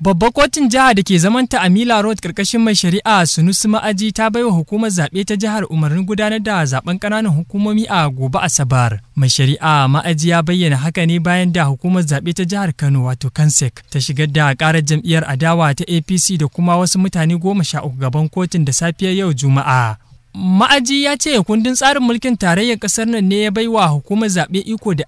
Babbar kotun Jihar da ke zamanta a Mila Road karkashin mai shari'a Sunusu Ma'aji ta baiwa hukumar zaɓe ta jihar umarnin gudanar da zaɓen ƙananan hukumomi a gobe Asabar. Mai shari'a Ma'aji ya bayyana haka ne bayan da hukumar zaɓe ta jihar Kano wato Kansek ta shigar da ƙarar jam'iyyar adawa ta APC da kuma wasu mutane goma sha uku gaban kotun da safiyar yau Juma'a. Ma'aji ya ce kundin tsarin mulkin tarayyar ƙasar nan ne ya baiwa hukumar zaɓe iko da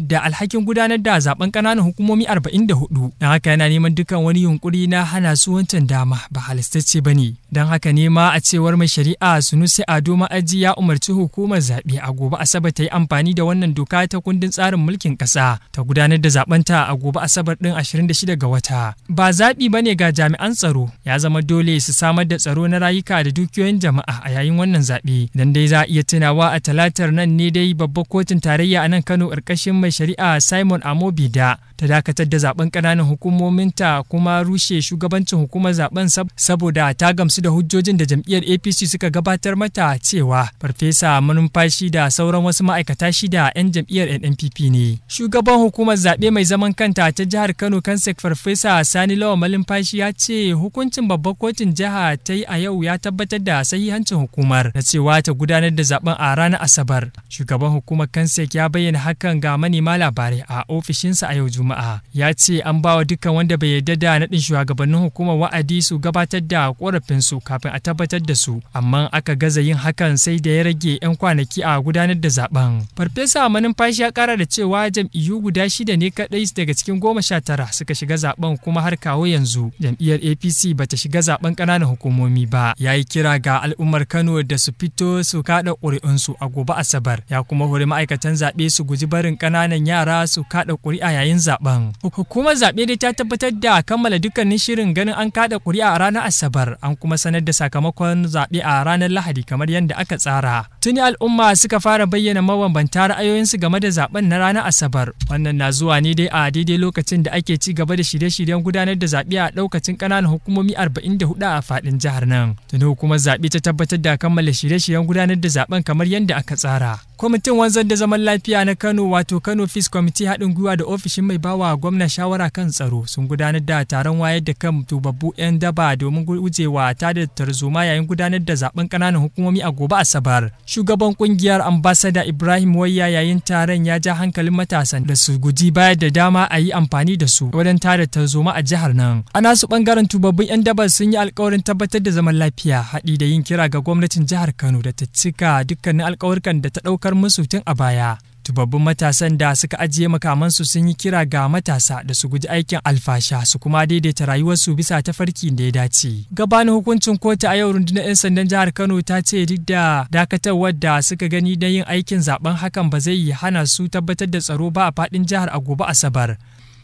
da alhakin gudanar da zaben ƙananan hukumomi 44 na haka yana neman dukkan wani yunkuri na hana su wancan dama ba halistacce ba ne don haka ne ma a cewar mai shari'a sunusi ado ma'aji ya umarci hukumar zaɓe a gobe asabar ta yi amfani da wannan doka ta kundin tsarin mulkin ƙasa ta gudanar da zaɓenta a gobe asabar ɗin 26 ga wata ba zaɓi ba ne ga jami'an tsaro ya zama dole su samar da tsaro na rayuka da dukiyoyin jama'a a yayin wannan zaɓe dan dai za a iya tunawa a talatar nan ne dai babbar kotun tarayya a nan kano ƙarƙashin mai shari'a simon amobi da ta dakatar da zaɓen ƙananan hukumominta kuma rushe shugabancin hukumar zaɓen saboda ta gamsu da hujjojin da jam'iyyar apc suka gabatar mata cewa farfesa manumfashi da sauran wasu ma'aikata shida 'yan jam'iyyar nnpp ne shugaban hukumar zaɓe mai zaman kanta ta jihar kano kansek farfesa sani lawa malumfashi ya ce hukuncin babbar kotun jiha ta yi a yau ya tabbatar da hancin hukumar na cewa ta gudanar da zaben a ranar asabar shugaban hukumar kansek ya bayyana hakan ga manema labarai a ofishinsa a yau juma'a ya ce an bawa dukkan wanda bai yarda da naɗin shugabannin hukumar wa'adi su gabatar da ƙorafinsu su kafin a tabbatar da su amma aka gaza yin hakan sai da ya rage 'yan kwanaki a gudanar da zaben farfesa manumfashi ya kara da cewa jam'iyyu guda shida ne kadai daga cikin goma sha tara suka shiga zaben kuma har kawo yanzu jam'iyyar apc bata shiga zaben ƙananan hukumomi ba ya yi kira ga al'ummar kano da su fito su kada ƙuri'unsu a gobe asabar ya kuma hori ma'aikatan zaɓe su guji barin ƙananan yara su kada ƙuri'a yayin zaben hukumar zaɓe dai ta tabbatar da kammala dukkanin shirin ganin an kada ƙuri'a a ranar asabar an kuma sanar da sakamakon zaɓe a ranar Lahadi kamar yadda aka tsara. tuni al'umma suka fara bayyana mabambanta ra'ayoyinsu game da zaben na ranar asabar wannan na zuwa ne dai a daidai lokacin da ake ci gaba da shirye-shiryen gudanar da zaɓe a ɗaukacin ƙananan hukumomi arba'in da hudu a faɗin jihar nan tuni hukumar zaɓe ta tabbatar da kammala shirye-shiryen gudanar da zaben kamar yadda aka tsara kwamitin wanzan da zaman lafiya na kano wato kano fis kwamiti haɗin gwiwa da ofishin mai bawa gwamna shawara kan tsaro sun gudanar da taron wayar da kan tubabbu 'yan daba domin gujewa tada tarzoma yayin gudanar da zaben ƙananan hukumomi a gobe asabar shugaban kungiyar ambasada ibrahim wayya yayin taron ya ja hankalin matasan da su guji bayar da dama a yi amfani da su wajen tada tarzoma a jihar nan a nasu ɓangaren tubabbin yan dabar sun yi alkawarin tabbatar da zaman lafiya haɗi da yin kira ga gwamnatin jihar kano da ta cika dukkanin alkawarkan da ta ɗaukar musu tun a baya tubabbin matasan da suka ajiye makamansu sun yi kira ga matasa da su guji aikin alfasha su kuma daidaita rayuwarsu bisa tafarki da ya dace gabanin hukuncin kotu a yau rundunar 'yan sandan jihar kano ta ce duk da dakatarwar da suka gani da yin aikin zaben hakan ba zai hana su tabbatar da tsaro ba a faɗin jihar a gobe asabar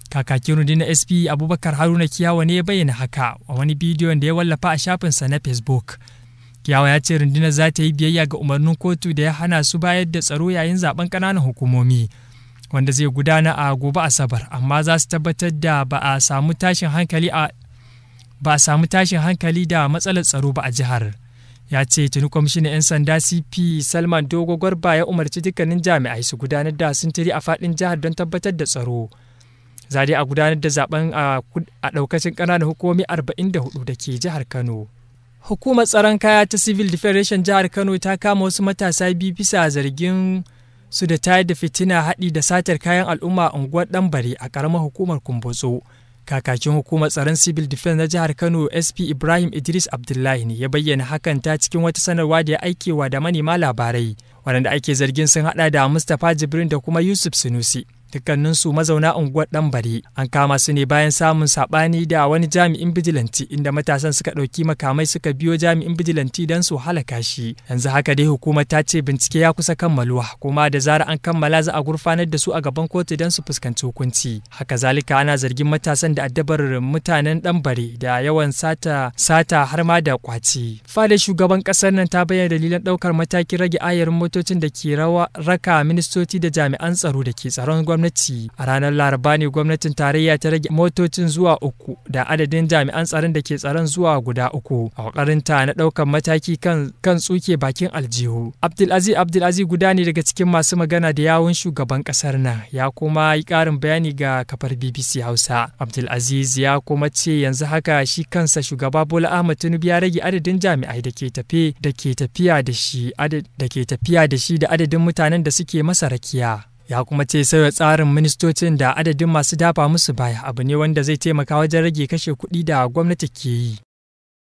kakakin rundunar sp abubakar haruna kiyawa ne ya bayyana haka a wani bidiyon da ya wallafa a shafinsa na facebook Yawa ya ce rundunar za ta yi biyayya ga umarnin kotu da ya hana su bayar da tsaro yayin zaben ƙananan hukumomi wanda zai gudana a gobe Asabar amma za su tabbatar da ba a samu tashin hankali a a da matsalar tsaro ba a jihar. ya ce tuni kwamishinan 'yan sanda cp salman dogo gwarba ya umarci dukkanin jami'ai su gudanar da sintiri a fadin jihar don tabbatar da tsaro za a gudanar da zaben a ɗaukacin ƙananan hukumomi 44 da ke jihar kano Hukumar tsaron kaya ta Civil Defederation jihar Kano ta kama wasu matasa biyu bisa zargin su da tayar da fitina haɗi da satar kayan al'umma a unguwar Ɗanbare a ƙaramar hukumar Kumbotso. Kakakin hukumar tsaron Civil Defense na jihar Kano SP Ibrahim Idris Abdullahi ne ya bayyana hakan ta cikin wata sanarwa da ya aikewa da manema labarai, waɗanda ake zargin sun haɗa da Mustapha Jibrin da kuma Yusuf Sunusi. dukkaninsu mazauna unguwar ɗanbare. an kama su ne bayan samun saɓani da wani jami'in bijilanti inda matasan suka ɗauki makamai suka biyo jami'in bijilanti don su halaka shi yanzu haka dai hukumar ta ce bincike ya kusa kammaluwa kuma da zara an kammala za a gurfanar da su a gaban kotu don su fuskanci hukunci haka zalika ana zargin matasan da addabar mutanen ɗanbare da yawan sata sata har ma da kwaci fadar shugaban ƙasar nan ta bayyana dalilan ɗaukar matakin rage ayarin motocin da ke rawa raka ministoci da jami'an tsaro da ke tsaron gwamnati gwamnati a ranar laraba ne gwamnatin tarayya ta rage motocin zuwa uku da adadin jami'an tsaron da ke tsaron zuwa guda uku a wakarinta na ɗaukar mataki kan kan tsuke bakin aljihu abdulaziz abdulaziz guda ne daga cikin masu magana da yawun shugaban kasar nan ya kuma yi ƙarin bayani ga kafar bbc hausa abdulaziz ya kuma ce yanzu haka shi kansa shugaba bola ahmad tinubu ya rage adadin jami'ai da ke tafiya da shi da ke tafiya da shi da adadin mutanen da suke masa rakiya ya kuma ce sauya tsarin ministocin da adadin masu dafa musu baya abu ne wanda zai taimaka wajen rage kashe kuɗi da gwamnati ke yi